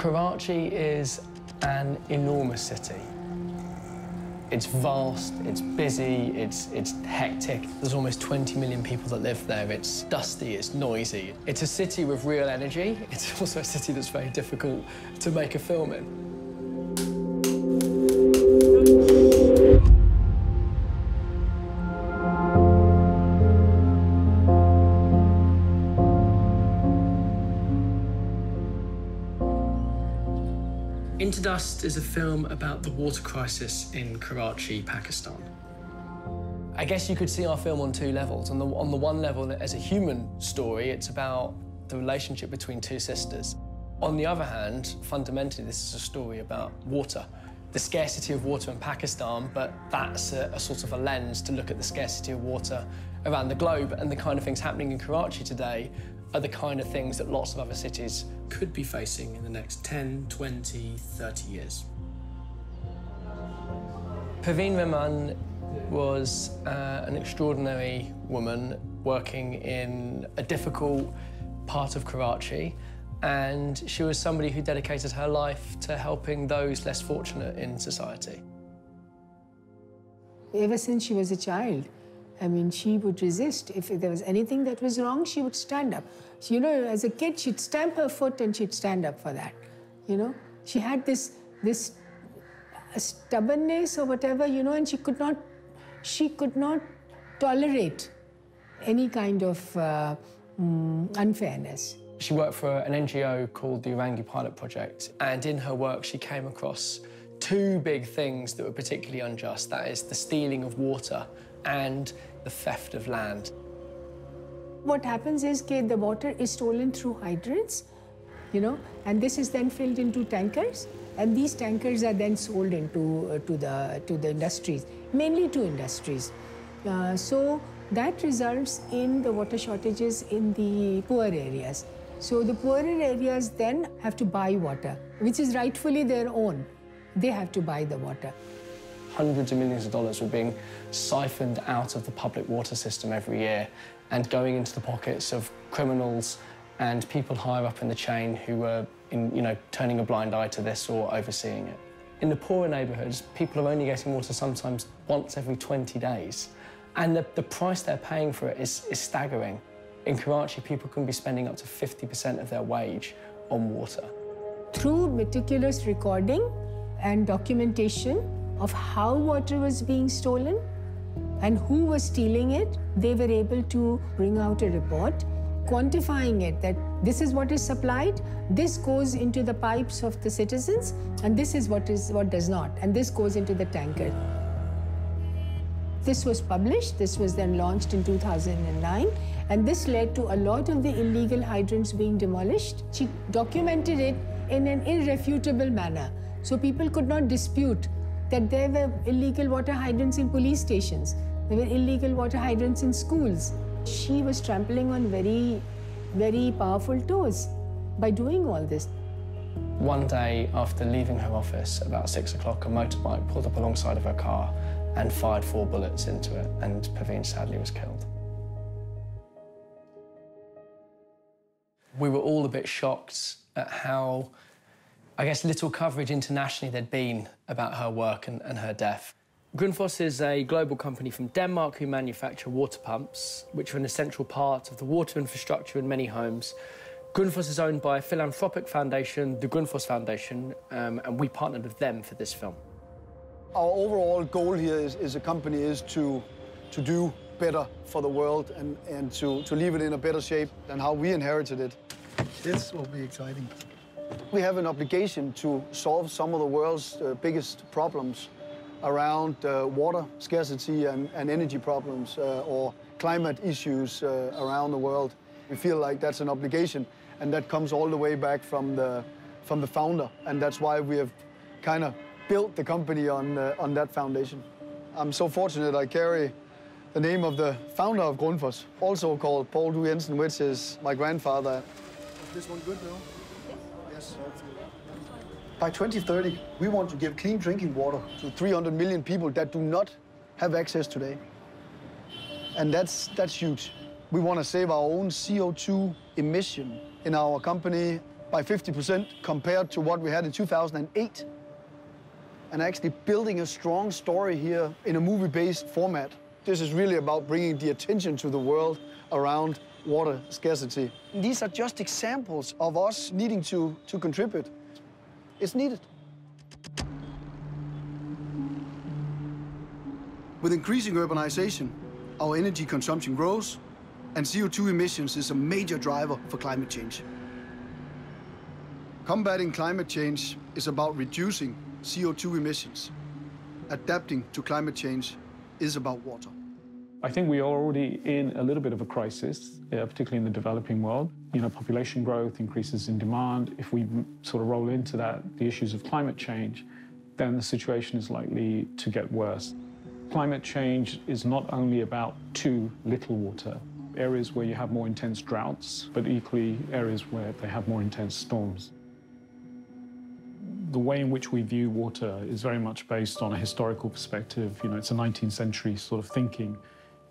Karachi is an enormous city. It's vast, it's busy, it's, it's hectic. There's almost 20 million people that live there. It's dusty, it's noisy. It's a city with real energy. It's also a city that's very difficult to make a film in. Rust is a film about the water crisis in Karachi, Pakistan. I guess you could see our film on two levels. On the, on the one level, as a human story, it's about the relationship between two sisters. On the other hand, fundamentally, this is a story about water, the scarcity of water in Pakistan, but that's a, a, sort of a lens to look at the scarcity of water around the globe and the kind of things happening in Karachi today are the kind of things that lots of other cities could be facing in the next 10, 20, 30 years. Paveen Raman was uh, an extraordinary woman working in a difficult part of Karachi and she was somebody who dedicated her life to helping those less fortunate in society. Ever since she was a child, I mean, she would resist. If there was anything that was wrong, she would stand up. She, you know, as a kid, she'd stamp her foot and she'd stand up for that. You know, she had this this stubbornness or whatever, you know, and she could not she could not tolerate any kind of uh, mm, unfairness. She worked for an NGO called the Orangi Pilot Project, and in her work, she came across two big things that were particularly unjust. That is the stealing of water and the theft of land. What happens is that the water is stolen through hydrants, you know, and this is then filled into tankers, and these tankers are then sold into uh, to the to the industries, mainly to industries. Uh, so that results in the water shortages in the poor areas. So the poorer areas then have to buy water, which is rightfully their own. They have to buy the water hundreds of millions of dollars were being siphoned out of the public water system every year and going into the pockets of criminals and people higher up in the chain who were, in, you know, turning a blind eye to this or overseeing it. In the poorer neighbourhoods, people are only getting water sometimes once every 20 days. And the, the price they're paying for it is, is staggering. In Karachi, people can be spending up to 50% of their wage on water. Through meticulous recording and documentation, of how water was being stolen and who was stealing it, they were able to bring out a report quantifying it that this is what is supplied, this goes into the pipes of the citizens, and this is what is what does not, and this goes into the tanker. This was published, this was then launched in 2009, and this led to a lot of the illegal hydrants being demolished. She documented it in an irrefutable manner, so people could not dispute that there were illegal water hydrants in police stations, there were illegal water hydrants in schools. She was trampling on very, very powerful toes by doing all this. One day after leaving her office, about six o'clock, a motorbike pulled up alongside of her car and fired four bullets into it, and Paveen sadly was killed. We were all a bit shocked at how I guess, little coverage internationally there'd been about her work and, and her death. Grundfos is a global company from Denmark who manufacture water pumps, which are an essential part of the water infrastructure in many homes. Grundfos is owned by a philanthropic foundation, the Grundfos Foundation, um, and we partnered with them for this film. Our overall goal here is, is a company is to, to do better for the world and, and to, to leave it in a better shape than how we inherited it. This will be exciting. We have an obligation to solve some of the world's uh, biggest problems around uh, water scarcity and, and energy problems uh, or climate issues uh, around the world. We feel like that's an obligation, and that comes all the way back from the, from the founder, and that's why we have kind of built the company on, uh, on that foundation. I'm so fortunate I carry the name of the founder of Grundfos, also called Paul Du Jensen, which is my grandfather. Is this one good now? By 2030, we want to give clean drinking water to 300 million people that do not have access today. And that's, that's huge. We want to save our own CO2 emission in our company by 50% compared to what we had in 2008. And actually building a strong story here in a movie-based format. This is really about bringing the attention to the world around water scarcity. These are just examples of us needing to, to contribute. It's needed. With increasing urbanization, our energy consumption grows, and CO2 emissions is a major driver for climate change. Combating climate change is about reducing CO2 emissions. Adapting to climate change is about water. I think we are already in a little bit of a crisis, uh, particularly in the developing world. You know, population growth, increases in demand. If we sort of roll into that, the issues of climate change, then the situation is likely to get worse. Climate change is not only about too little water, areas where you have more intense droughts, but equally areas where they have more intense storms the way in which we view water is very much based on a historical perspective. You know, it's a 19th century sort of thinking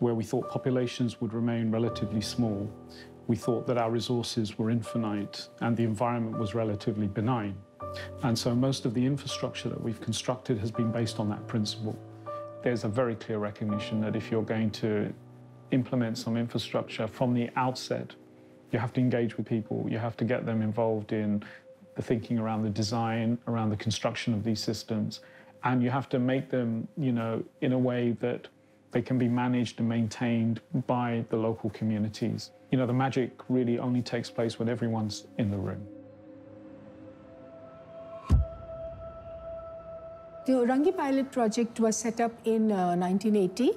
where we thought populations would remain relatively small, we thought that our resources were infinite and the environment was relatively benign. And so most of the infrastructure that we've constructed has been based on that principle. There's a very clear recognition that if you're going to implement some infrastructure from the outset, you have to engage with people, you have to get them involved in the thinking around the design, around the construction of these systems, and you have to make them, you know, in a way that they can be managed and maintained by the local communities. You know, the magic really only takes place when everyone's in the room. The Orangi pilot project was set up in uh, 1980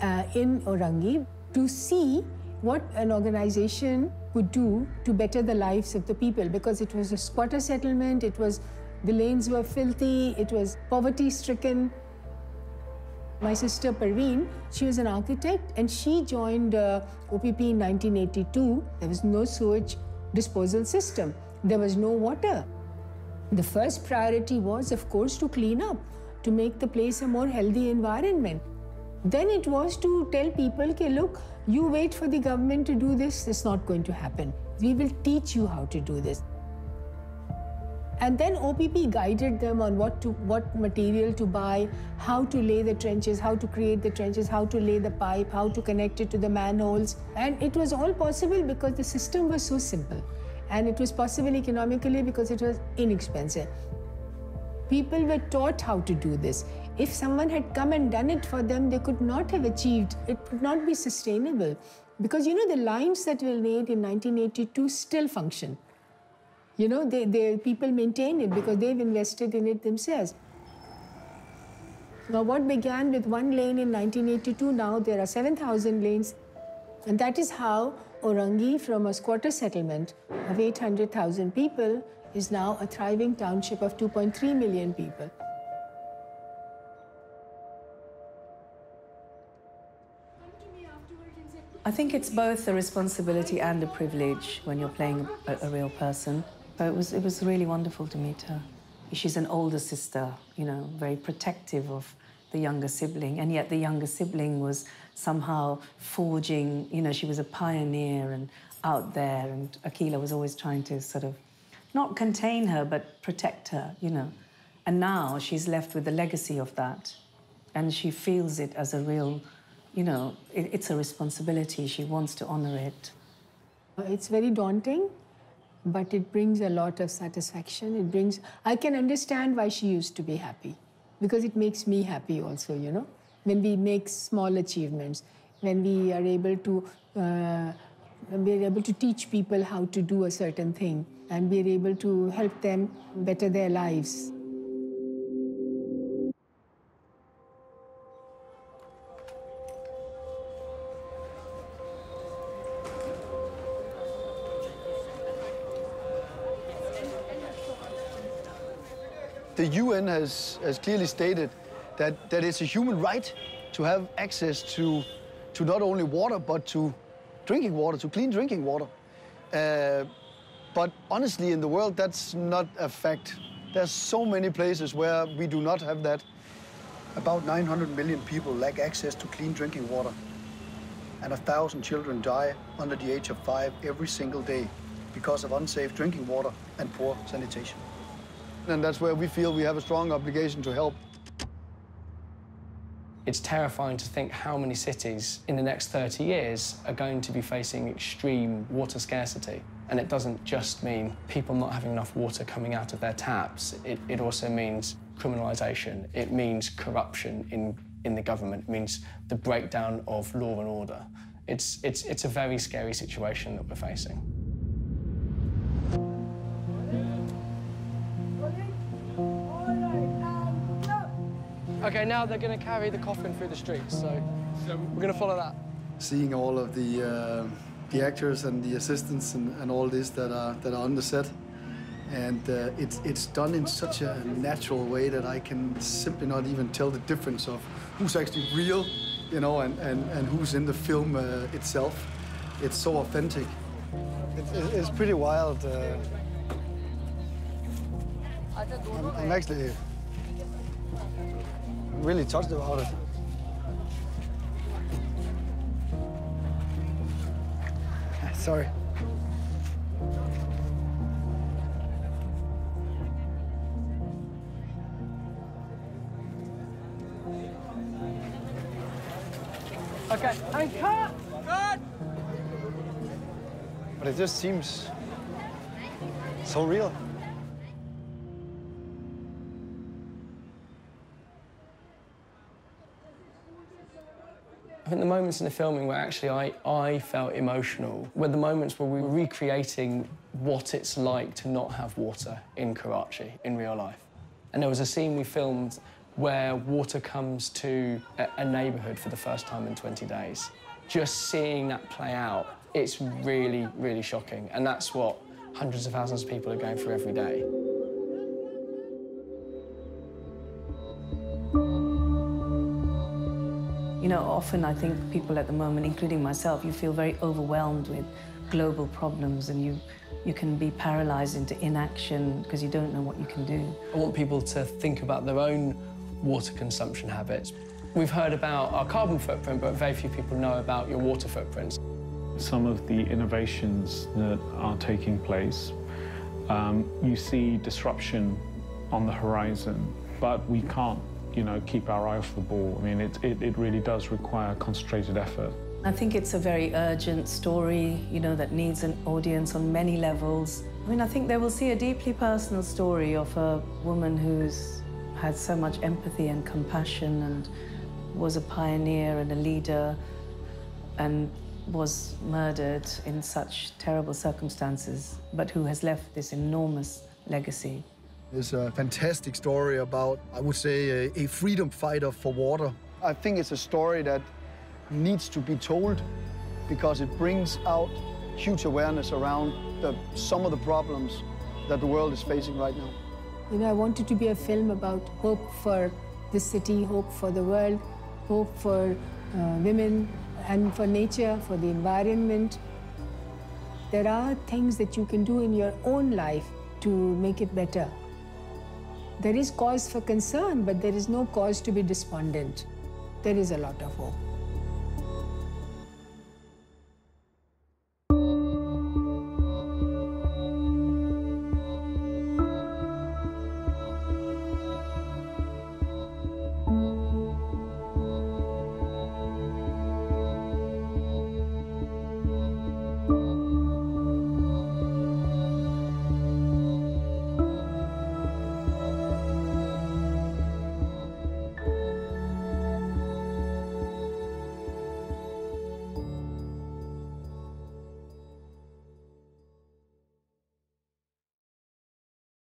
uh, in Orangi to see what an organization could do to better the lives of the people because it was a squatter settlement, it was the lanes were filthy, it was poverty stricken, my sister Parveen, she was an architect and she joined uh, OPP in 1982. There was no sewage disposal system. There was no water. The first priority was, of course, to clean up, to make the place a more healthy environment. Then it was to tell people, okay, look, you wait for the government to do this, it's not going to happen. We will teach you how to do this. And then OPP guided them on what to what material to buy, how to lay the trenches, how to create the trenches, how to lay the pipe, how to connect it to the manholes. And it was all possible because the system was so simple. And it was possible economically because it was inexpensive. People were taught how to do this. If someone had come and done it for them, they could not have achieved. It could not be sustainable. Because you know, the lines that were laid in 1982 still function. You know, they, they, people maintain it because they've invested in it themselves. Now, what began with one lane in 1982, now there are 7,000 lanes. And that is how Orangi, from a squatter settlement of 800,000 people, is now a thriving township of 2.3 million people. I think it's both a responsibility and a privilege when you're playing a, a real person. So it was, it was really wonderful to meet her. She's an older sister, you know, very protective of the younger sibling, and yet the younger sibling was somehow forging, you know, she was a pioneer and out there, and Akila was always trying to sort of not contain her, but protect her, you know. And now she's left with the legacy of that, and she feels it as a real, you know, it, it's a responsibility. She wants to honor it. It's very daunting but it brings a lot of satisfaction. It brings, I can understand why she used to be happy because it makes me happy also, you know. When we make small achievements, when we are able to, uh, we're able to teach people how to do a certain thing and we're able to help them better their lives. the UN has, has clearly stated that, that it's a human right to have access to, to not only water, but to drinking water, to clean drinking water. Uh, but honestly, in the world, that's not a fact. There's so many places where we do not have that. About 900 million people lack access to clean drinking water. And a thousand children die under the age of five every single day because of unsafe drinking water and poor sanitation. And that's where we feel we have a strong obligation to help. It's terrifying to think how many cities in the next 30 years are going to be facing extreme water scarcity. And it doesn't just mean people not having enough water coming out of their taps. It, it also means criminalisation. It means corruption in, in the government. It means the breakdown of law and order. It's, it's, it's a very scary situation that we're facing. Okay, now they're going to carry the coffin through the streets, so, we're going to follow that. Seeing all of the uh, the actors and the assistants and, and, all this that are that are on the set, and uh, it's it's done in such a natural way that I can simply not even tell the difference of who's actually real, you know, and and, and who's in the film uh, itself. It's so authentic. It's, it's pretty wild. Uh, I'm, I'm actually really touched about it. Sorry. Okay, and cut! Cut! But it just seems so real. I think the moments in the filming where actually I, I felt emotional were the moments where we were recreating what it's like to not have water in Karachi in real life. And there was a scene we filmed where water comes to a, a neighbourhood for the first time in 20 days. Just seeing that play out, it's really, really shocking. And that's what hundreds of thousands of people are going through every day. You know, often I think people at the moment, including myself, you feel very overwhelmed with global problems and you, you can be paralyzed into inaction because you don't know what you can do. I want people to think about their own water consumption habits. We've heard about our carbon footprint, but very few people know about your water footprints. Some of the innovations that are taking place, um, you see disruption on the horizon, but we can't you know, keep our eye off the ball. I mean, it, it, it really does require concentrated effort. I think it's a very urgent story, you know, that needs an audience on many levels. I mean, I think they will see a deeply personal story of a woman who's had so much empathy and compassion and was a pioneer and a leader and was murdered in such terrible circumstances, but who has left this enormous legacy. It's a fantastic story about, I would say, a, a freedom fighter for water. I think it's a story that needs to be told because it brings out huge awareness around the, some of the problems that the world is facing right now. You know, I wanted to be a film about hope for the city, hope for the world, hope for uh, women and for nature, for the environment. There are things that you can do in your own life to make it better. There is cause for concern, but there is no cause to be despondent. There is a lot of hope.